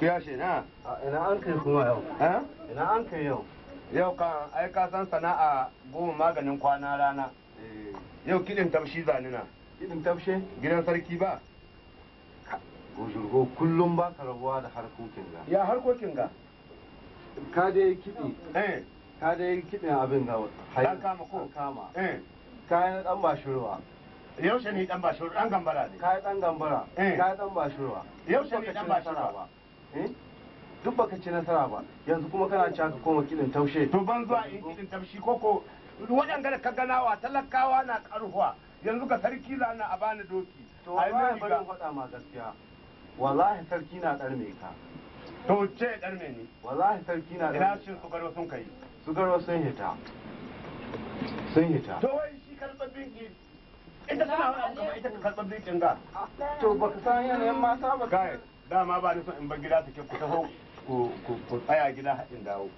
kiyashi na ina an kai kuma yau ina an kai yau yau ka ai ka san sana'a goma maganin kwana rana eh. yau kidin tamshi zanina kidin tamshe gidan sarki ba Ujurgo kullum ba ka rabuwa da harkokin ga. Ya harkokin ga? Ka dai kiɗi. Eh. Ka dai kiɗin abin ga. Dan kama ko? Kama. Eh. Ka yi ɗan ba shirwa. Yaushe ne ɗan ba shirwa? Ɗan gambara ne. Ka yi ɗan gambara. Eh. Ka yi ɗan ba yau Yaushe ne ɗan ba shirwa? Eh? duk baka ci nasara ba yanzu kuma kana ci ka koma kiɗin taushe to ban zuwa in kiɗin taushe koko wajen gada ka ganawa talakawa na karuwa yanzu ka sarki na a bani doki to wallahi bari in faɗa ma gaskiya wallahi sarki na ƙarme ka to ce ƙarme ne wallahi sarki na ina shin su garwa sun kai su sun hita sun hita to wai shi karɓar dinki ita tana wani abu ita ka karɓar dinkin ga to baka san yanayin mata ba kai dama ba ni son in bar gida ta ke ku taho ku tsaya gida haɗin dawo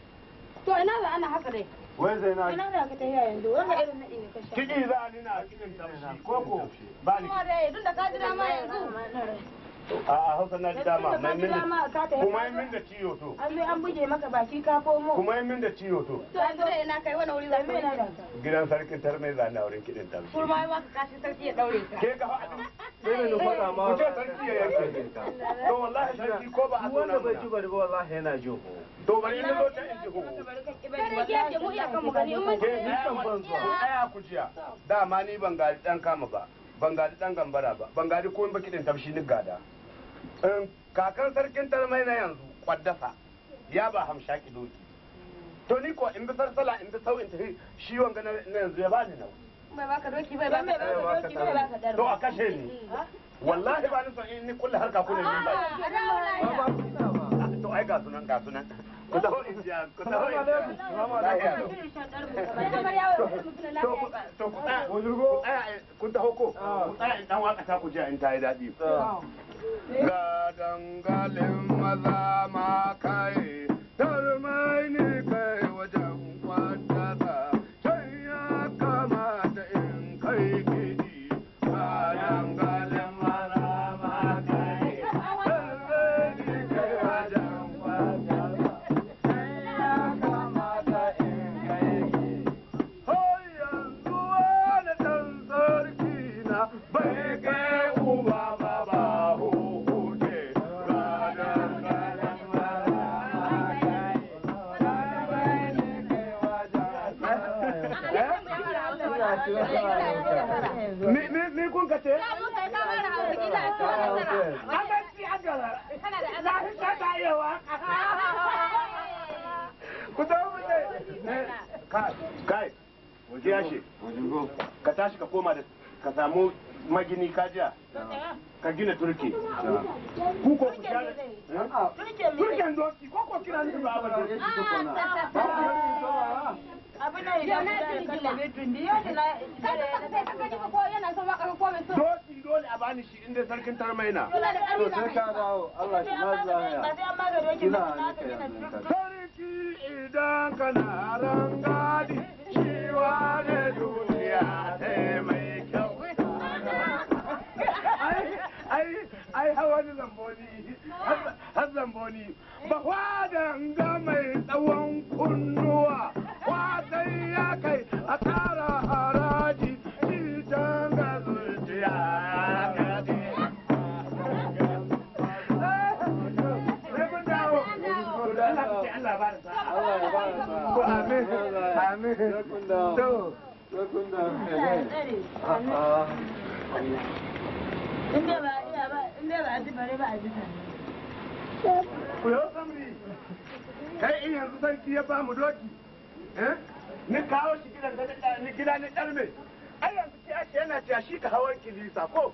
to ina da ana haka dai wai zai na ina da ka yayin yanzu wanda irin na ne kashe. kiki za ni na cikin ko koko ba ni kuma dai tun da ka jira ma yanzu a hausa na ji dama mai min da kuma yi min da ciyo to an zai an buge maka baki ka komo kuma yi min da ciyo to to an zai na kai wani wuri za ka yi gidan sarkin tarme za na wurin kiɗin kuma yi maka kashi sarki ya daure ka ke ka haɗu sai ne ma kuce sarki ya yanke to wallahi sarki ko ba a zo wanda bai ji bari ba wallahi yana to bari ne zo ta inji ko kada ke ke iya kan mu gani in mun ke ni kan ban zuwa aya kuciya dama ni ban ga dan kama ba ban gadi dan gambara ba ban ko in ba kiɗin tamshi ni gada kakan sarkin talmai na yanzu kwaddasa ya ba hamshaki doki to ni ko in bi sarsala in bi sau in tafi shi wanga na yanzu ya bani bai baka doki bai baka doki bai baka to a kashe ni wallahi ba ni son in ni kulle harka kullum ba to ai ga sunan ga sunan ku in ja ku taho in dan waka ta ku in ta yi daɗi ga dangalin maza ma kai tarmai kai wajen kwanta tashi ka tashi ka koma da ka samu magini kajiya ka gina turke ku ko ku turken doki kuko kira ni ah, ba ah, ba abin da ya na so. doki dole a bani shi inda sarkin tarmaina to sai ka dawo Allah shi ma zaya sarki idan kana rangadi shi wa ne duniya ta ai hawan zamboni har zamboni ba mai tsawon kunnuwa mu doki eh? ni kawo shi gidan da ni gida ni darme ai yanzu ashe yana shi ka hawan kilisa ko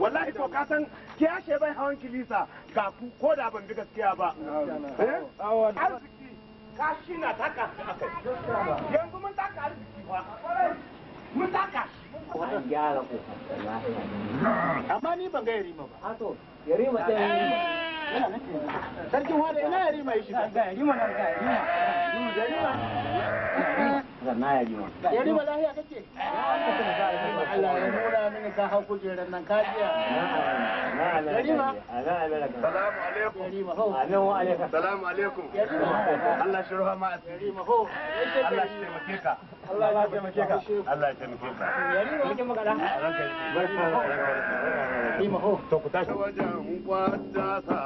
wallahi to ka san ashe bai hawan kilisa ga ku ko da ban bi gaskiya ba eh? arziki shi na taka yanzu mun taka arziki ba mun taka shi an gyara ku amma ni ban ga yarima ba a to yarima ta yarima eh! sarkin wada ina yarima ya shiga ga yarima na ga yarima yarima eh! zanna ya ji wani. Yari ba lahiya kake? Allah ya nuna mini ka hau kujerar nan ka jiya. Yarima. Salamu alaikum. Yarima ho. Amin wa alaikum. Salamu alaikum. Yarima. Allah shi ruha ma asiri. Yarima ho. Allah shi taimake ka. Allah ya taimake ka. Allah ya taimake ka. Yarima. Kike magana. Yarima ho. To ku tashi. Wajen kwata sa.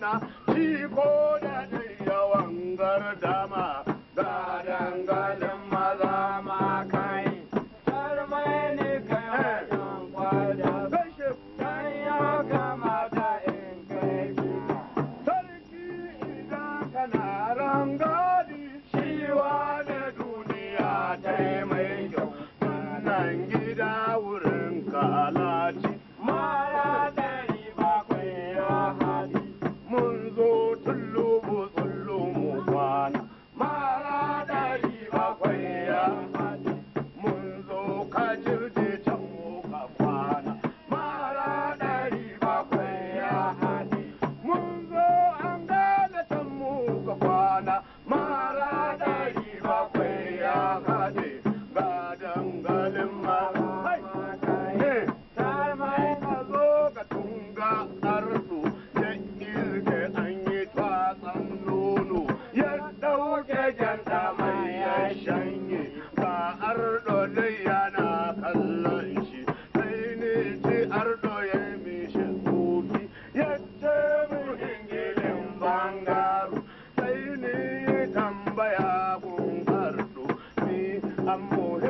na shi ko da dai yawan kun ardo ni ammo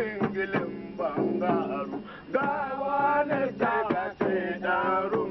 bangaru gawa ne daga ce daru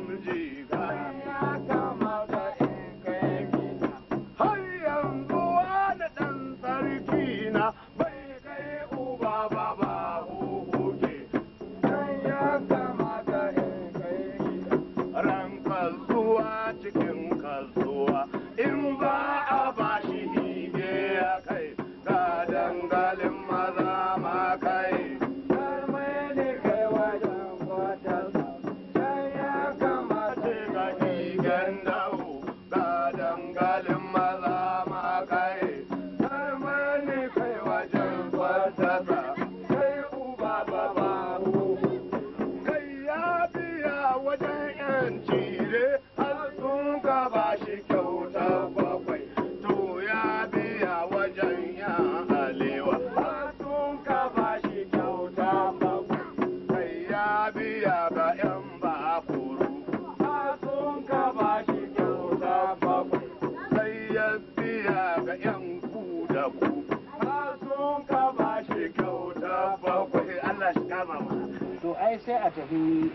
to ai sai a tafi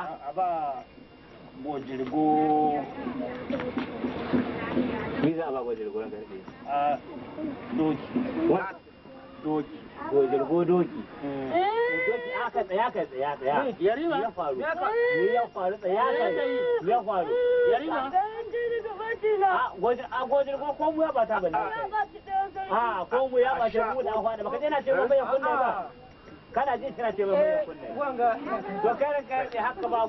a ba gojirgo me ba gojirgo na karfe a doki doki gojirgo doki eh. doki aka tsaya ka tsaya tsaya eh, yarima ya faru ya faru tsaya ka eh, ya faru a ah, ah, ko ya bata a ah, ya bata a ce bai ba kana jin tana ce mai eh, kunne to kare kare ne haka ba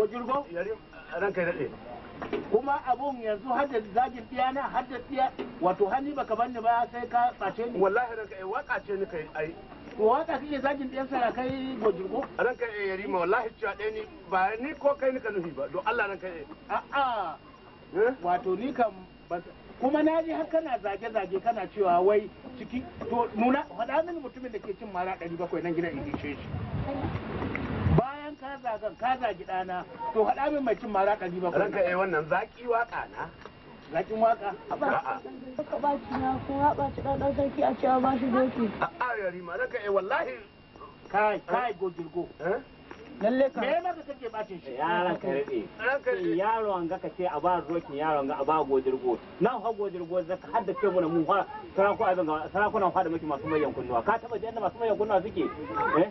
godir kuma abun yanzu hadda zagin tiyana hadda tiya wato hani baka banni ba sai ka tsace ni wallahi ranka ai eh, waka ce ni kai ai waka kake zagin ɗan sarakai gojirgo? Ran kai eh, ya rima wallahi cewa ɗaya ni ba ni ko kai ni ka nufi ba don Allah ran kai. Eh. A'a eh? wato ni kam kuma na ji har kana zage-zage kana cewa wai ciki to nuna faɗa mini mutumin da ke cin mara ɗari bakwai nan gidan in shi. Bayan ka zagan ka zagi ɗana to faɗa mini mai cin mara ɗari bakwai. Ran kai wannan zaki waka na. zakin waka a ba ka na ko ya ba ci dan sarki a cewa ba shi doki a a yari ma naka eh, wallahi kai kai eh? go jirgo eh lalle ka me maka kake shi ka rade ga kace a ba rokin yaron ga a ba godirgo na ha godirgo zaka hadda ce mu na mu ha sarako abin ga sarakunan fada miki masu mayan kunnuwa ka taba jinna masu mayan kunnuwa suke eh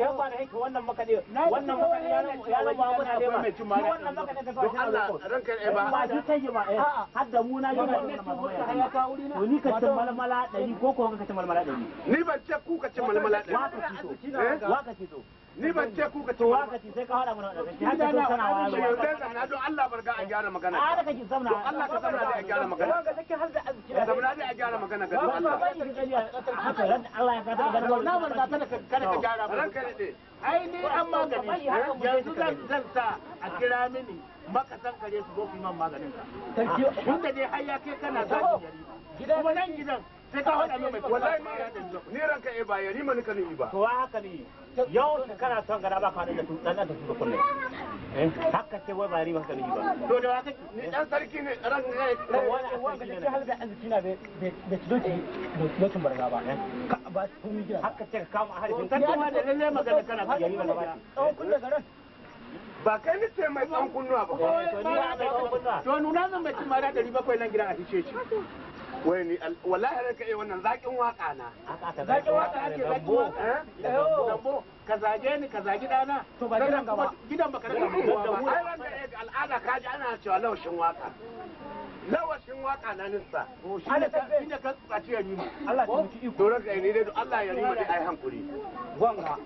ya fara wannan wannan yaron yaron ba da mai cin mara wannan ka Allah ranka eh ba ba ji kai ba eh hadda mu na ka wuri na ni ka ce malmala dari ko ko ka ce malmala dari ni ce ku ka ce malmala dari wa ka ci wa ka ci so eh? ni ban ce ku ka ci waka ci sai ka hada mana da wa Allah don Allah a gyara magana zamna don Allah ka zamna a gyara magana take har da zamna dai a gyara magana Allah haka ran Allah ya ka ta na ban ka ka gyara ran ka dai ai ni an magani yanzu zan zan sa a kira mini makasan kare su zo ku man maganin ka tunda dai har ya kai kana zaki yari kuma nan gidan sai ka faɗa mai wallahi ni ranka eh ba yari mani kanin ba to haka ne yau kana son gara ba ka da dan da eh haka ce wai ba yari maka kanin ba to da haka ni dan sarki ne wani ne halga arziki na doki barga ba eh. ka ba su mi gida haka ce ka kama kan kuma da lalle magana kana yari ba garan ba kai ni ce mai kunnuwa ba eh, to nuna zan bai 700 nan gidan a shi wai ni wallahi ranka eh wannan zakin waka na zakin waka ake zakin waka dambo ka zage ni ka zagi dana to ba gidan gaba gidan baka rika ba ai ranka eh al'ada ka ji ana cewa laushin waka lawashin waka na nista ana ta eh. inda ka tsaci ya nima Allah ya mutu iko ranka eh, Allah ya nima dai ai hankuri gwanga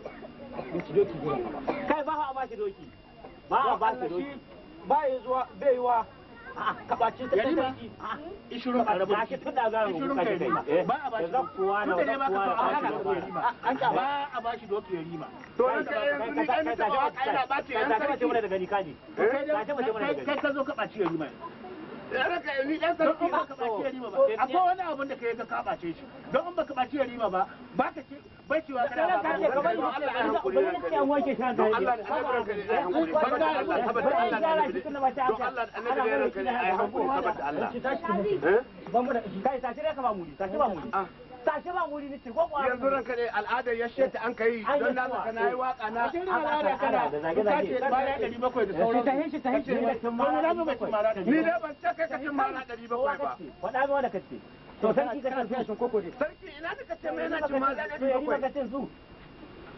miki doki kai ba ha ba shi doki ba ba shi doki ba yi zuwa bai yi wa ka baci ta ba a bashi to ka ka ce mana daga ni kaji ka ce mana daga ni kai ka zo ka raka ni dan sarki ba ka bace ba wani abun da kai ka kabace shi don in baka bace rima ba baka ci bacewa kana ba ka bari Allah ya hankuri ranka don Allah ya hankuri ya hankuri ba da Allah tabbata Allah Allah ya ya hankuri Allah eh? ba mu da kai ba mu ni sace ba tashi ba wuri nake ko kuwa yanzu ranka ne al'adar ya sheta an kai don na maka nayi waka na yi al'ada kana ka ce mara 700 da sauran ta hinshi ta hinshi ne mara ni ban ce kai ka mara ba faɗa wanda to sarki ka sarki ina da kace mai na tun mara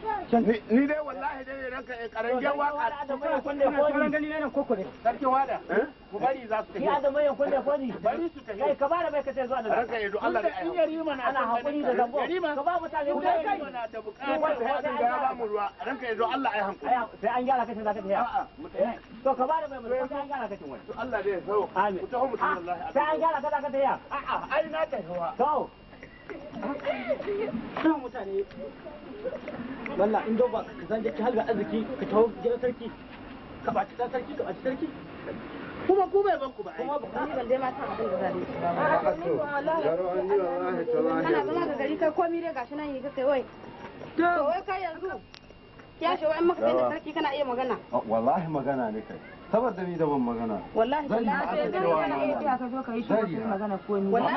ni dai wallahi dai ranka eh karangen waka kuna gani ne ko koko ne wada eh? ku bari za su tafi ya da mayan kunne ni. bari su tafi kai ka bara bai kace zuwa nan ranka edo Allah dai in yari mana ana hakuri da zango ka ba mutane guda kai mana da bukatar hadin da ba mu ruwa ranka edo Allah ai hankuri sai an gyara kace za ka tafi a'a eh, to ka bara bai mu sai an gyara kace wani to Allah dai ku mutum ah, sai an gyara ka tafi ai na tafi to mutane wallah in doba ka zan jaki halga arziki ka tawo gidan sarki ka baci ta sarki ka baci sarki kuma ku bai banku ba kuma ba ni ban dai ma ta abin da za ni ba to garo an yi wallahi tallahi kana zama ga gari kai komai dai gashi nan yi ka kai wai to wai kai yanzu ya shi wai maka sai da sarki kana iya magana wallahi magana ne kai saboda ni da ban magana wallahi zan yi da cewa na ka zo ka yi shi magana ko ni wallahi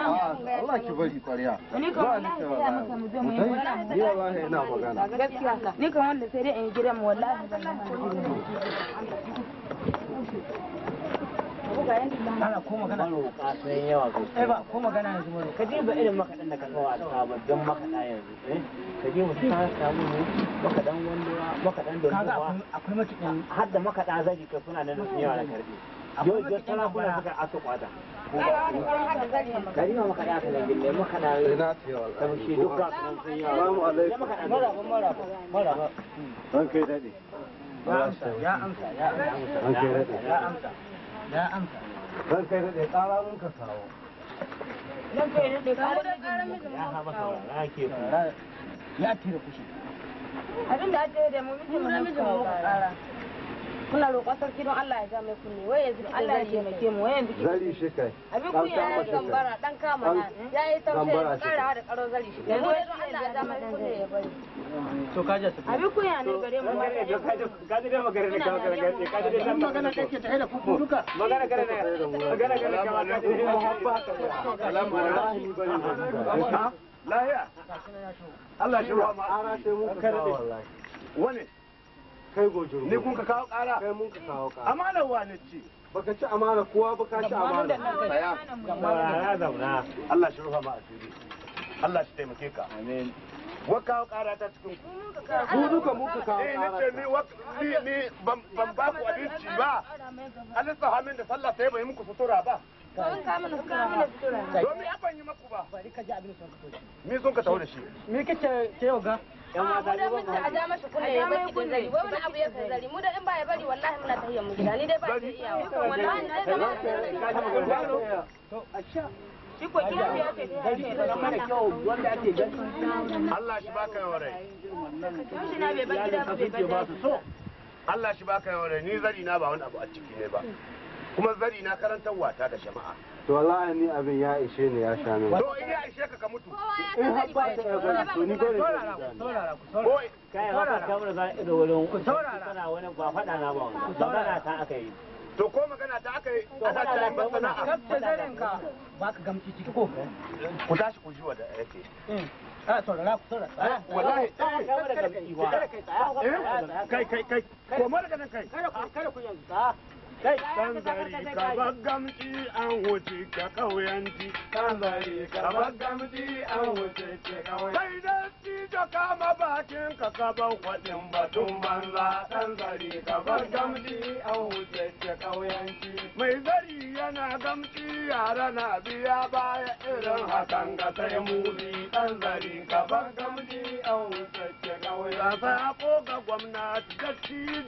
Allah ki bari kwariya ni kan wallahi sai maka mu zama yi wallahi wallahi ina magana gaskiya ka ni kan wallahi sai dai in gidan mu wallahi zan ana ko magana yawa ko ba ko magana yanzu ka je ba irin makaɗan da ka kawo a sabon don makaɗa yanzu eh? ka je mutum ka samu ne maka dan wanduwa maka dan donduwa akwai matuƙa har da maka da zaji ka suna nan sun yawa da karfi yau da tana kuna suka aka kwata karima maka da aka zangin ne maka da ina cewa ta shi duk ga sun sun yawa salamu alaikum maraba maraba maraba an kai dade ya amsa ya amsa ya amsa an kai dade ya amsa ya amsa ran kai dade tsara mun ka kawo nan kai dade ka da ƙaramin da mun kawo ya tira kushi abin da ake da mu mu namiji mu kara kuna roƙon sarki don Allah ya ja mai kunne wai yanzu Allah ya taimake mu wai yanzu zari shi kai abin ku ya yi tambara dan kama na eh? ya tambara da karo zari shi kai wai don Allah ya ja mai kunne ya bari to ka ja sabbi abin ku ya ne gare mu ka ja ka ja magana ne ka magana ne ka ja magana kake ta da kuku duka magana gare ne magana gare ne ka ja alamu rahi bari ha lahiya Allah shi wa ma'ana sai mun ka kawo wallahi wane kai gojo ne kun ka kawo ƙara? kai mun ka kawo kara amana wane ce baka ci amana kowa baka ci amana tsaya ya zauna Allah shi rufa ma asiri Allah shi taimake ka amin wa kawo ƙara ta cikin ku ku duka mu ka kawo kara eh ni ni ban ba ku abinci ba Allah sahamin da sallah sai bai muku sutura ba Kan ka Domin ya ba. Bari ka ji abin ka Me ka da shi? Me A da masa ya da zari. wani abu ya zari. Mu da in mu gida. Ni ba iya. Wallahi To a Shi da mana ake gani. Allah shi baka yawarai. Shi na bai bar Ni zari na ba wani abu a ciki ne ba. kuma zari na karantar wata da jama'a to wallahi ni abin ya ishe ne ya sha ni. to in ya ishe ka ka mutu in har ba ta yarda to ni gore saurara kai ba ka kamar za ido wurin ku saurara kana wani ba fada na ba wannan saurara ta aka yi to ko magana ta aka yi ta zarin ka ba ka gamci ciki ko ku tashi ku jiwa da yake eh. ku wallahi kai kai kai kai kai kai kai kai kai kai kai kai kai kai kai kai kai kai Kan ka baggamci an wuce ƙauyanci. ka an wuce ƙauyanci. da tijo kama bakin ka kwaɗin batun banza. Kan ka an wuce ƙauyanci. Mai zari yana gamci yara na biya baya irin hakan ga sai muzi. Kan zari ka baggamci an wuce ya sako ga gwamnati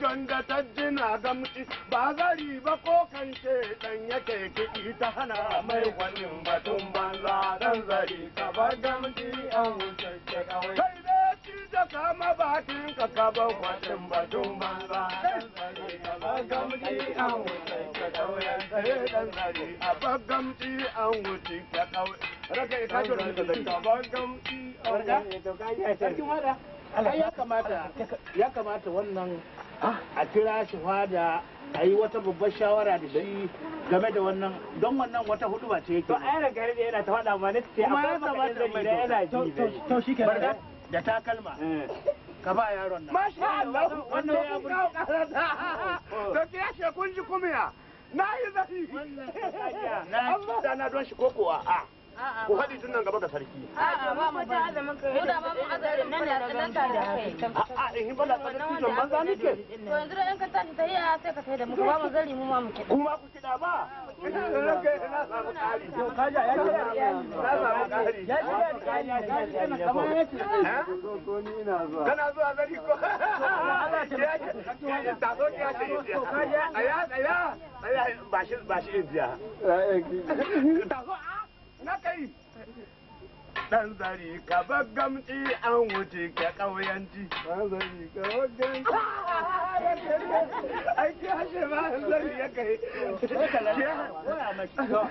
don da ta jina gamci ba zari ba ko kan shedan yake kiɗi ta hana mai gwanin batun banza dan zari ka ba gamci an wuce kawai kai da ci da kama bakin ka ka bar gwanin batun banza dan zari ka bar gamci an wuce kawai kai dan zari a ba gamci an wuce kawai rage ka jira da ka bar gamci an wuce kawai ya kamata wannan a kira shi fada a yi wata babbar shawara da shi game da wannan don wannan wata hudu ba ce yake ba. ai gari da yana ta faɗa ma ne ce akwai makarin da yana ji to shi kenan da takalma eh. ka ba yaron nan masha Allah wannan ya buri oh. to kira shi kun ji kuma ya na yi zafi wannan na na don shi ko kuwa a ah. ko hadi tun nan gaba ga sarki a'a ba mu ta azumin ka da ba mu azumin nan nan da kai a'a in ba da to yanzu da ka tashi sai ka sai da mu ba mu zari mu ma mu kiɗa kuma ku kiɗa ba ina nan kai ina samu ƙari to ya ce ya samu ya ce ya ce kamar ya ce eh? kana zuwa zari ko Allah ce ya ce ta so ya ce ya aya aya ba shi ba shi eh, eh, ta so na kai dan zari ka baggamci an wuce ka ƙauyanci dan zari ka baggamci aiki ah, hashe ma zari ya kai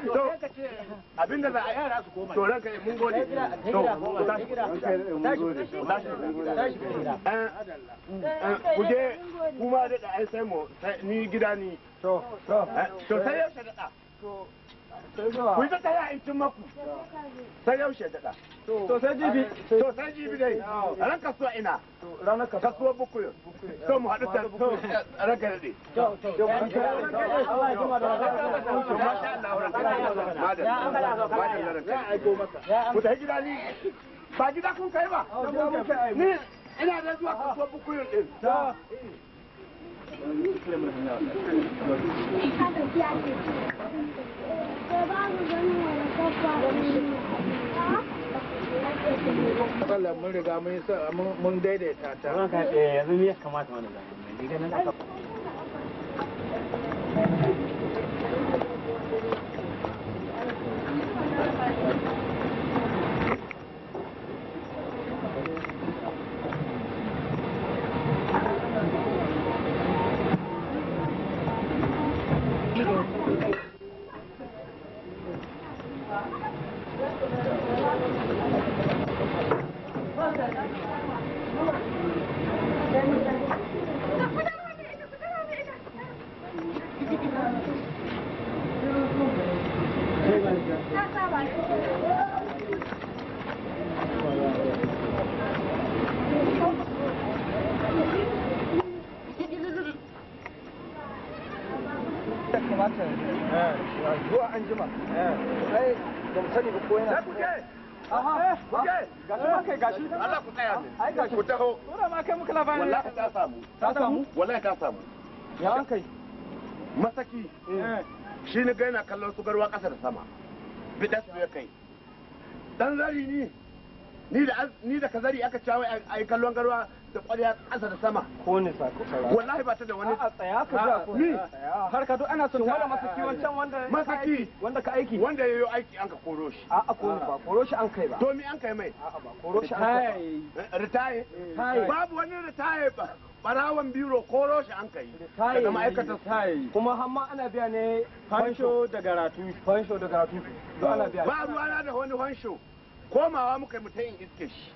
to abinda za a yara su koma to mun gode to ku je kuma da ai sai mu ni gida ni to to eh, to sai ya ku yi ta tsaya in cin maku to sai jibi to sai jibi dai ran kasuwa ina ranar kasuwa bukuyo to mu ta to ranka daɗe ku ta gida ni ba gida kun kai ba ni ina da zuwa kasuwa bukuyo ɗin Thank you. Allah mun riga mun daidaita ta. Ranka eh, yanzu ya kamata wani zama. ya kai masaki eh. shi ni gaina kallon su garwa ƙasa da sama bida su ya kai dan zari ni ni da ka zari aka cewa a yi kallon garwa da ƙwarya ƙasa da sama ko ne sako wallahi ba ta da wani a tsaya ka ga ko ni har ka duk ana son wanda masaki wancan wanda masaki wanda ka aiki wanda ya yi aiki an ka koro shi a ko ba koro shi an kai ba to mi an kai mai a ba koro shi an kai eh, ritaye babu wani ritaye ba barawan biro koro shi an kai daga ma'aikatar kuma hamma ana biya ne fansho da garatu fansho da garatu don ana biya ba ruwana da wani fansho komawa muka yi mutum iske shi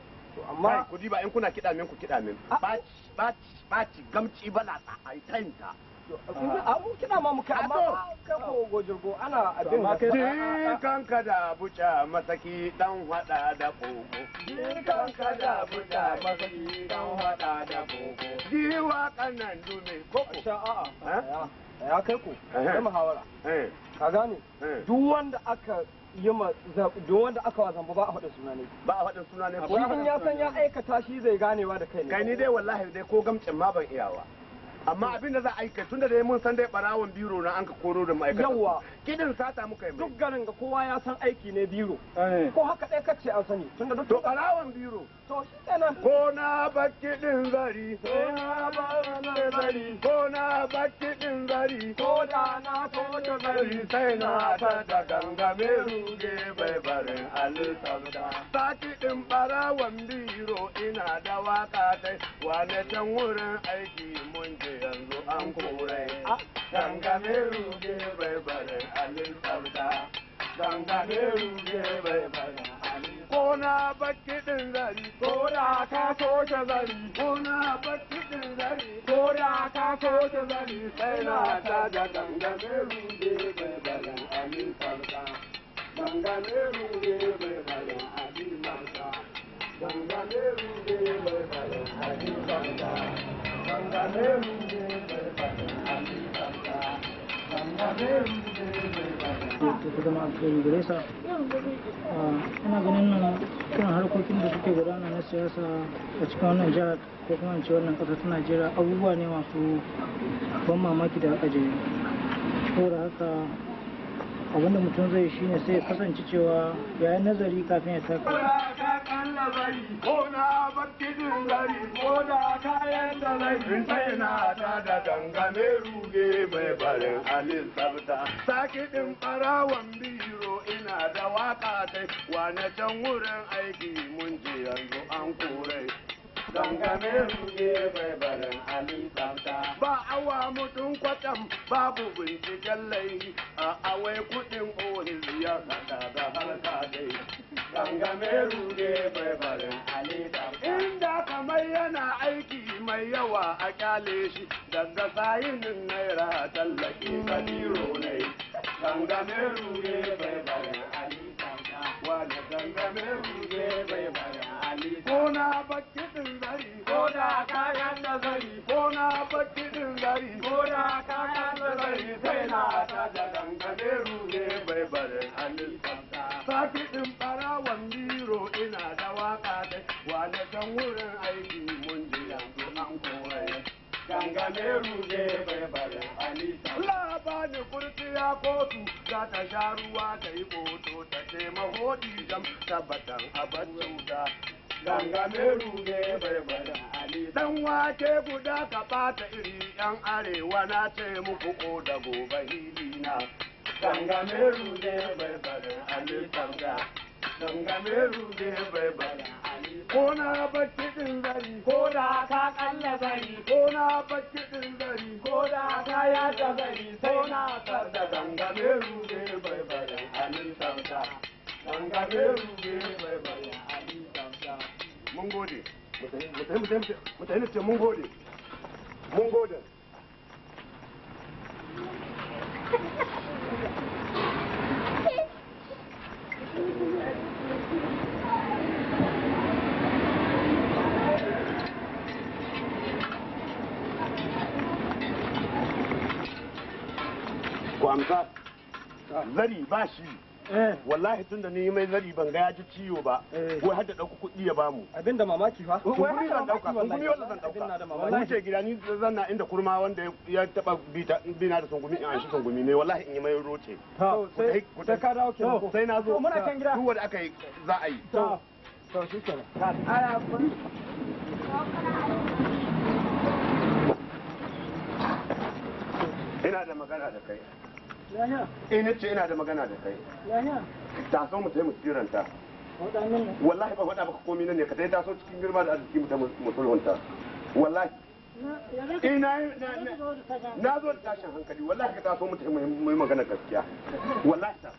amma kudi ba in kuna kiɗa min ku kiɗa min ba ba ba gamci bala a yi tayinta abu kina ma muka amma kako gojirgo ana abin da kai kanka da buca masaki dan hada da koko kanka da buca mataki dan hada da koko jiwa kanan dume koko sha'a eh? ya kai ko eh. kai muhawara eh. ka gane duk wanda aka yi ma duk wanda aka wa zamba ba a faɗin suna ne ba a faɗin suna ne ko ya san ya aikata shi zai ganewa da kai ne kai ni dai wallahi dai ko gamcin ma ban iyawa amma abin da za a kai tunda da mun san dai barawon biro na an ka koro da ma'aikata yawa kidin sata muka yi duk garin ga kowa ya san aiki ne biro eh. ko haka dai kace an sani tunda duk to barawon biro to shi kenan ko na ba kidin zari ko na ba zari ko na baki din zari ko da na ko da zari sai na ta da ganga me ruge bai barin alisabda sati din barawan biro ina da waka dai wane can wurin aiki mun je yanzu an kore ganga me ruge bai barin alisabda don zageru je bai bari ko na baki din ka soke zari ko na baki din ka soke zari sai na ta da don zageru je bai bari amin farka don zageru je bai bari amin farka don zageru je bai bari amin farka don zageru ta zama alkhairi gare sa ganin nan kan harkokin da suke gudana na siyasa a cikin wannan jihar ko kuma ce wannan ƙasa ta najeriya abubuwa ne masu ban mamaki da ajiye saboda haka abin da mutum zai shi ne sai ya kasance cewa ya yi nazari kafin ya taka ko na bakkidin gari ko da kayan da laifin sai na ta da gangame ruge mai barin alin sabta sakidin barawan biro ina da waka dai na can wurin aiki mun je yanzu an kurai gangamin bai Ali alisanta ba awa mutum kwatam babu binciken laifi a awai kudin olis ya kada da halka dai gangamin ruge bai barin alisanta inda kamar yana aiki mai yawa a kyale shi daga sayinin naira tallake kadiro ne gangamin ruge bai barin alisanta wani gangamin ruge bai barin ko na baki din zari ko da kayan nazari. ko na baki din zari ko da kayan nazari. sai na ta da dangane ruwe bai bare halin kanta saki din barawan biro ina da waka da wani can wurin aiki mun ji yanzu an koya dangane ruwe bai bare halin kanta labani kurciya kotu za ta sha ruwa ta yi koto ta ce mahodi jam tabbatan abin cuta ganga meru ne barbada ali dan wake guda ka bata iri yan arewa na ce muku ko da gobe hilina ganga meru ne barbada ali ganga ganga meru ne barbada ko na bacci din zari ko da ka kalla zari ko na bacci din zari ko da ka ya ta zari ko na kar da ganga meru ne barbada ali ganga ganga meru ne barbada ali 蒙古的，我等我等不等不听不听不听，蒙古的，蒙古的。管他，日理万绪。Eh. wallahi tunda ni mai zari ban ga ya ji ciwo ba eh. wai har da kuɗi ya bamu abin da mamaki fa wai zan dauka kungumi wallahi zan dauka wallahi ce gida ni zan na inda kurma wanda ya taba bita bina da sungumi in shi sungumi ne wallahi in yi mai roce to sai ka dawo ke sai na zo muna kan gida duk wanda aka yi za a yi to to shi kenan ala ina da magana da kai eh ce ina da magana da kai ta so mu sai mu kiranta wallahi ba faɗa baka komi nan ne ka sai taso cikin girma da arziki mu eh, ta musulunta wallahi Ina na na zo da tashin hankali wallahi ka taso mu ta mai magana gaskiya wallahi ta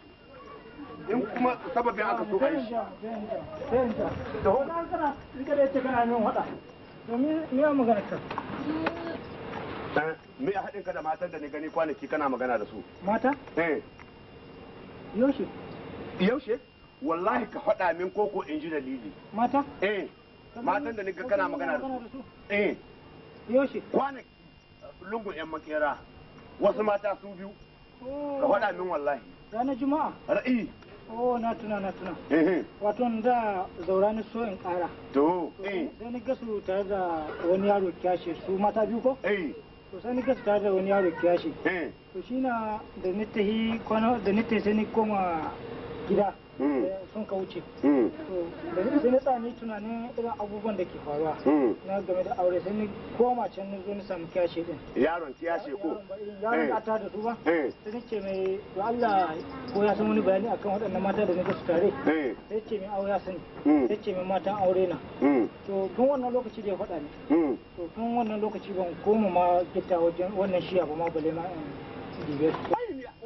in kuma sababin aka so ai shi da hon kana in ka da ta kana min wada domin me magana ka eh. me ya haɗin ka da matan da ni gani kwanaki kana magana da su mata eh yaushe yaushe wallahi ka faɗa min koko in ji dalili mata eh matan da ni ga kana magana da su eh yaushe kwanaki lungun yan makera wasu mata su biyu ka faɗa min wallahi ranar juma'a ra'i oh na tuna na tuna eh, eh. wato da zaura ni so in ƙara to eh sai ni gasu tare da wani yaro kyashe su mata biyu ko eh to sani gaskiya da wani yaro kiyashi eh. to shi na da kwana da nita sai ni koma gida Hmm. sun ka wuce hmm. da sai na sa ni tunanin irin abubuwan da ke faruwa hmm. na game da aure sai ni koma can ni zo ni samu kiyashe din yaron kiyashe ko yaron eh. da ta da su ba eh. sai ni ce mai to Allah ko ya san wani bayani akan waɗannan mata da nake su tare eh. sai ce mai aure ya sani sai ce mai matan aure na to tun wannan lokaci da ya faɗa ni to tun wannan lokaci ban koma ma gita wajen wannan shiya ba ma bale ma dibe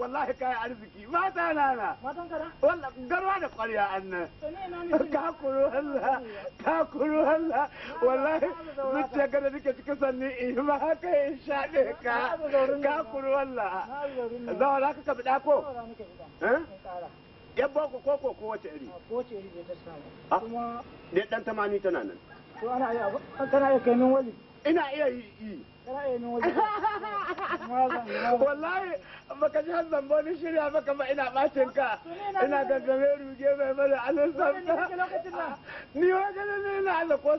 wallahi kai arziki mata nana garwa da ka kuru Allah ka kuru Allah wallahi zuciya nake cikin in ma haka in shaɗe ka ka kuru Allah eh? ka kabi ko yan boko ko ko ko wace iri ko iri ta samu ah. kuma dan tamani tana nan to ana iya ina iya yi wallahi baka ji har zambo ni shirya maka ba ina bacin ka ina gaggame ruge mai mara alin sabta ni wa ganin ina ala ko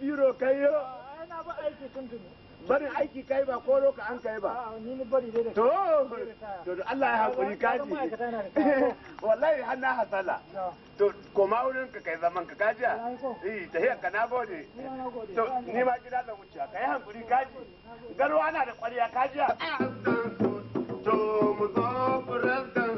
biro kai yo barin aiki kai ba ko roka an kai ba to to Allah ya hakuri kaji wallahi har na hasala to koma wurin ka kai zaman ka kaji eh tahiyar ka na gode to ni ma gida da wuce ka yi hakuri kaji garwa na da ƙwarya kaji to mu zo furantan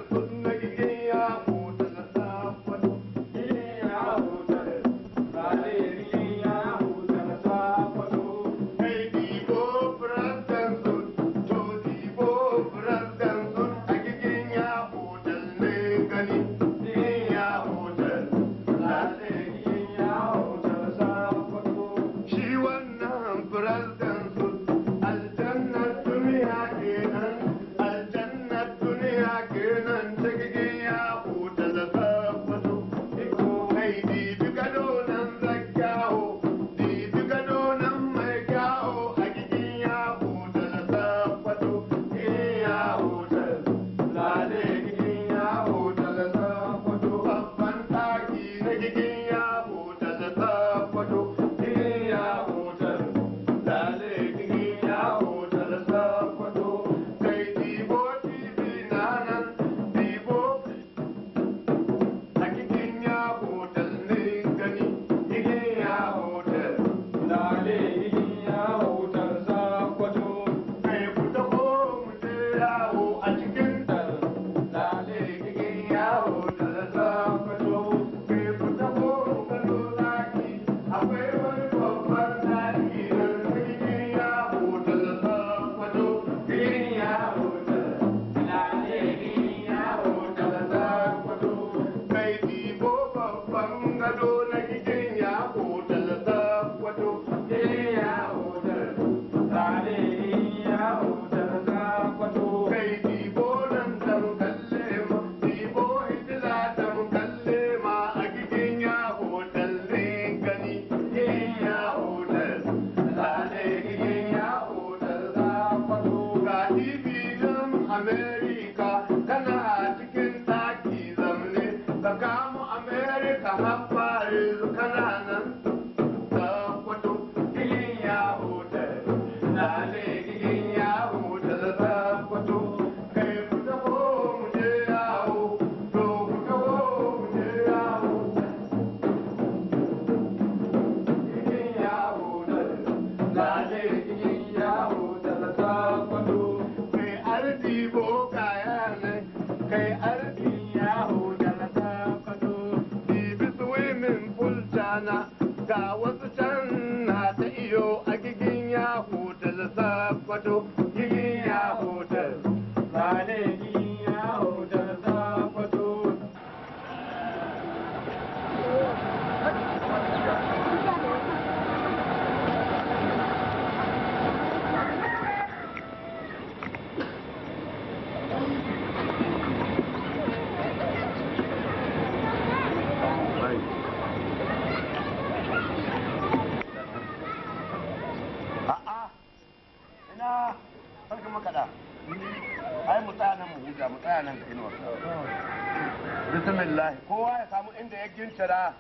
tattara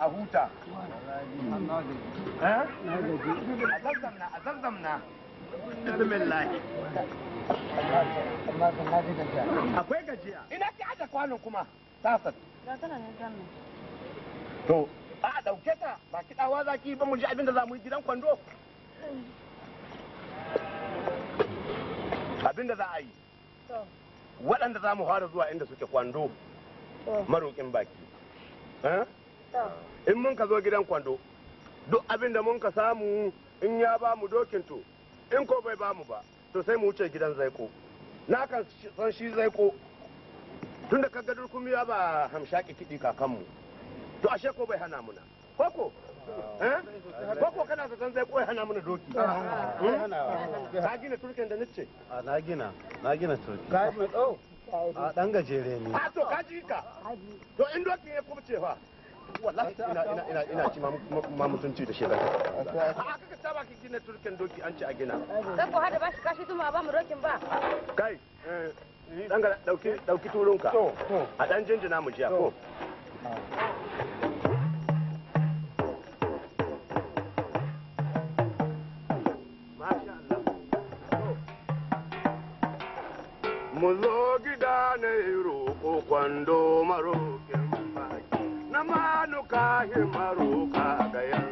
a huta eh? a zazzamna akwai gajiya ina ki aje kwanon kuma tasat to a dauke ta ba ki dawa zaki ba mu ji abinda za mu yi gidan kwando abinda za a yi waɗanda za mu fara zuwa inda suke kwando maroƙin baki Eh? in mun ka zo gidan kwando duk abin da mun ka samu in ya ba mu dokin to in ko bai ba mu ba to sai mu wuce gidan zaiko na kan san shi zaiko tunda ka ga durkumi ya ba hamshaki kiɗi kakanmu to ashe ko bai hana muna koko koko eh? kana san zai koya hana muna doki hmm? ka gina turken da nice na gina na gina turki a dan gajere ne to kaji ka to in doki ya kubce fa wallahi ina ina ina ina ci ma mutunci da shedan a kaka saba ki gina turken doki an a gina sai ko hada bashi kashi tuma ba mu rokin ba kai dan eh, ga dauki dauki turunka a dan jinjina mu jiya ko mu zo gida na roƙo kwando maroƙin baki na manuka himaroka ga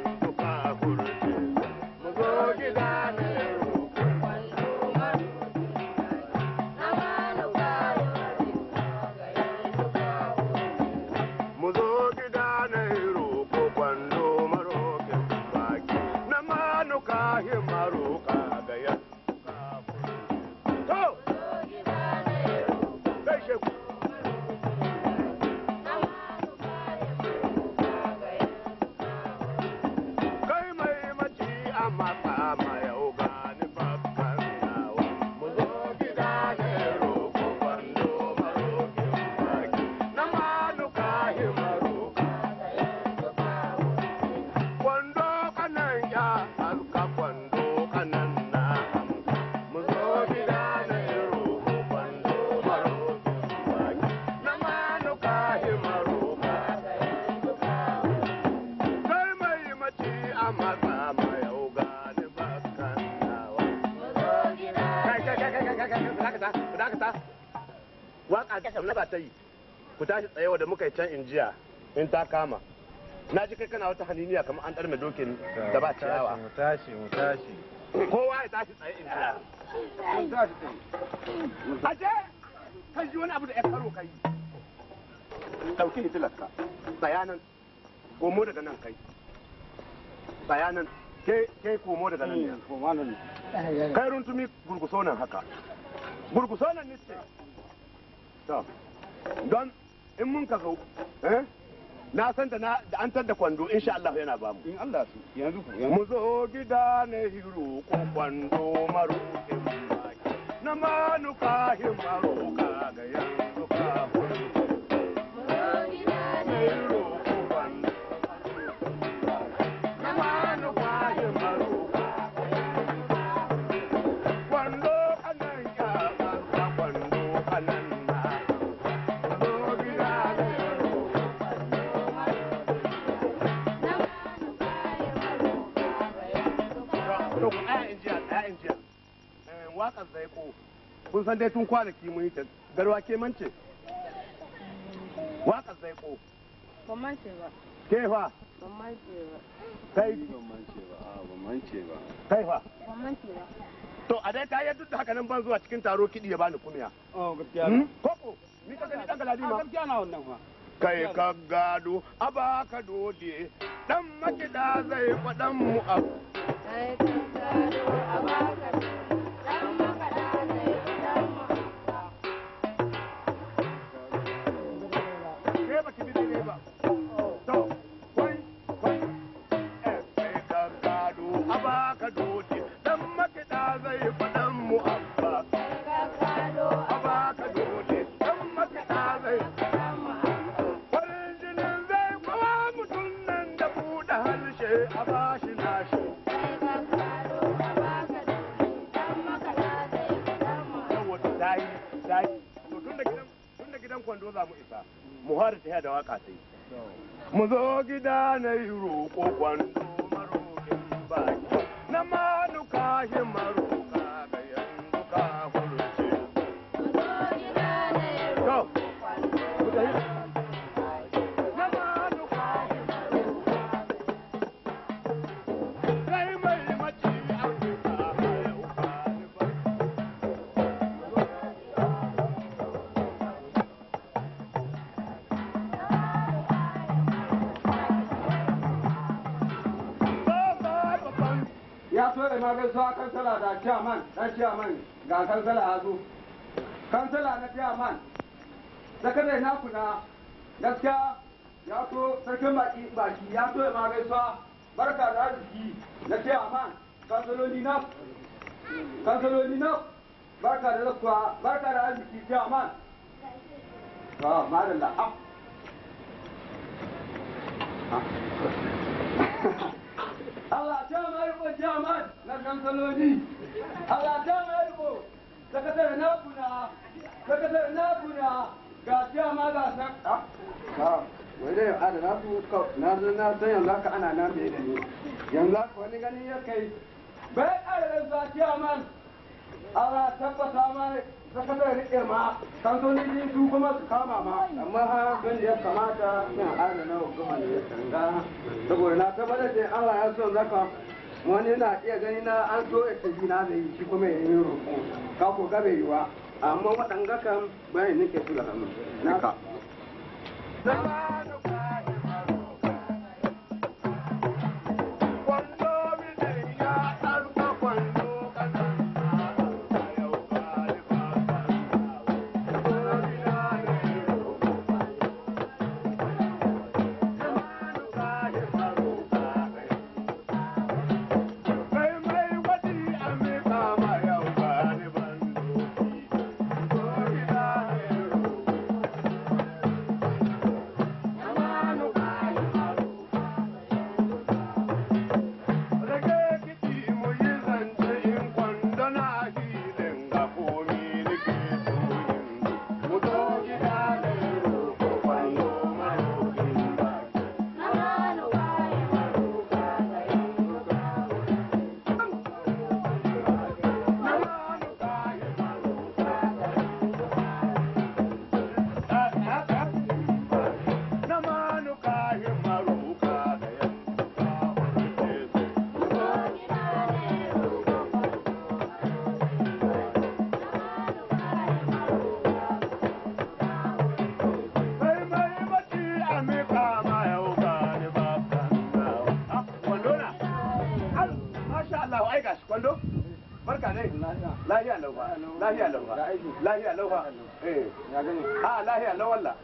zaune ba ta yi ku tashi tsayewa da muka yi can injiya in ta kama na ji kai kana wata haniniya kamar an ɗarme dokin da ba ciyawa mu tashi mu tashi kowa ya tashi tsaye in jiya aje kan ji wani abu da ya karo kai ɗauki hitilarka tsaya nan komo daga nan kai tsaya nan ke komo daga mm, nan ne kai runtumi gurguso nan haka gurguso nan niste don in mun ka zo eh, na san da an tar da kwando insha Allah yana ba mu in Allah su yanzu ku mu zo gida ne hiru ku kwando maru na manuka himaru ka ga yanzu ka waƙar zaiko kun san dai tun kwanaki mun yi ta garwa ke mance waƙar zaiko ban mance ba ke fa ban mance ba kai ban mance ba ba mance ba kai fa ban mance ba to a dai ta yi duk da haka nan ban zuwa cikin taro kiɗi ya bani kumiya oh gaskiya hmm? ko ko ni ka gani dan galadi ma gaskiya na wannan fa kai ka gado a ba ka dode dan makida zai faɗan mu abu kai ka gado a ba ka dode Ke baki bi ne ba. shayi shayi to tun da gidan tun da gidan kwando za mu isa mu fara tafiya da waka sai mu zo gida na yi roƙo kwando maroƙin baki na manuka shi maroƙo ma a kansala da chairman dan chairman ga kansala a zo kansala na chairman sakatare na kuna gaskiya ya to sarkin baki baki ya to ma ga su barka da arziki na chairman kansaloli na kansaloli na barka da zakuwa barka da arziki chairman ma ah, madalla ah, ah. Allah ta mariko jaman na kansaloni Allah ta mariko sakatare na kuna sakatare ga jama ga san wai dai ada na na san yanzu ana na da ni yanzu wani gani ya kai bai da jaman Allah tabbata sakatare rike ma kamfanoni su kuma su kama ma amma ha don ya kamata yin na hukuma ne ya tanga saboda na tabbatar da Allah ya son zaka wani na iya gani na an so ya tafi na da shi kuma ya yi roƙo ka ko ga bai yiwa amma waɗanga kan bayan nake su da hannu ka. a lahiya lawalla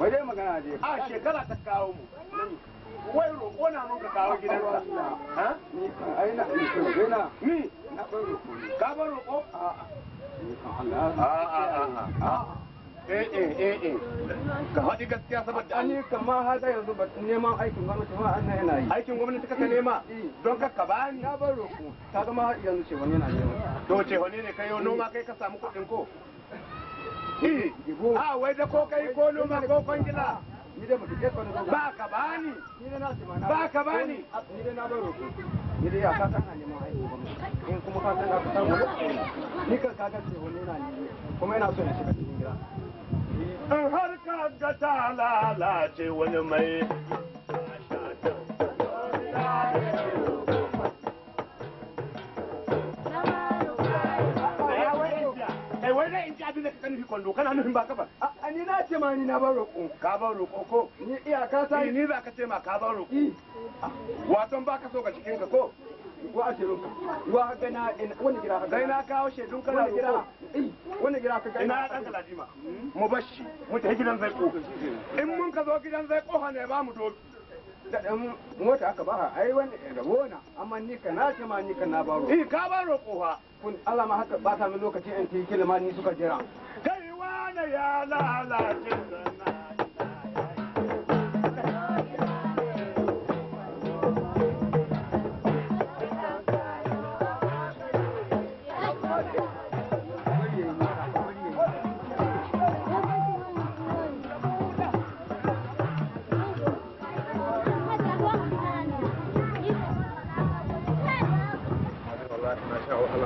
wai dai magana je a shekara ta kawo mu wai roƙo na mun ka kawo gidan ha ai na ni kan na ni na bar roƙo ka bar roƙo a a ni kan a a a eh eh eh ka haɗi gaskiya saboda an kama yanzu ba neman aikin gwamnati ma an yana yi aikin gwamnati kaka nema eh, eh. don ka bani na bar roƙo ka ga yanzu ce wani yana nema to ce wani ne kai noma kai ka samu kuɗin ko ki a wai da ko kai ko noma ko kwangila ba ka bani ba ka bani ni dai ka san a neman in kuma ka san ka san wani ni kan ka gace wani kuma so shiga cikin gida in har ka ga ta lalace wani mai abin da ka nufi kwando kana nufin ba kafa a ni na ce ma ni na bar roƙo ka bar roƙo ko ni ka ta ni b'a ka ce ma ka bar roƙo waton ba ka so ka cikin ka ko wa ashirin ka wa haka na wani gira haka dai na kawo shaidun kana gira wani gira ka ina dan kaladima mu bashi mu ta gidan zai ko in mun ka zo gidan zai ko ne ba mu doki da ɗan mota aka ba ai wani rabo na amma ni ka na ce ma ni ka na baro eh ka baro kofa kun Allah ma haka ba ta min lokaci in ta yi ni suka jira kai wani ya lalace sana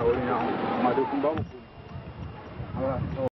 wurin yawon amma dai kun ba mu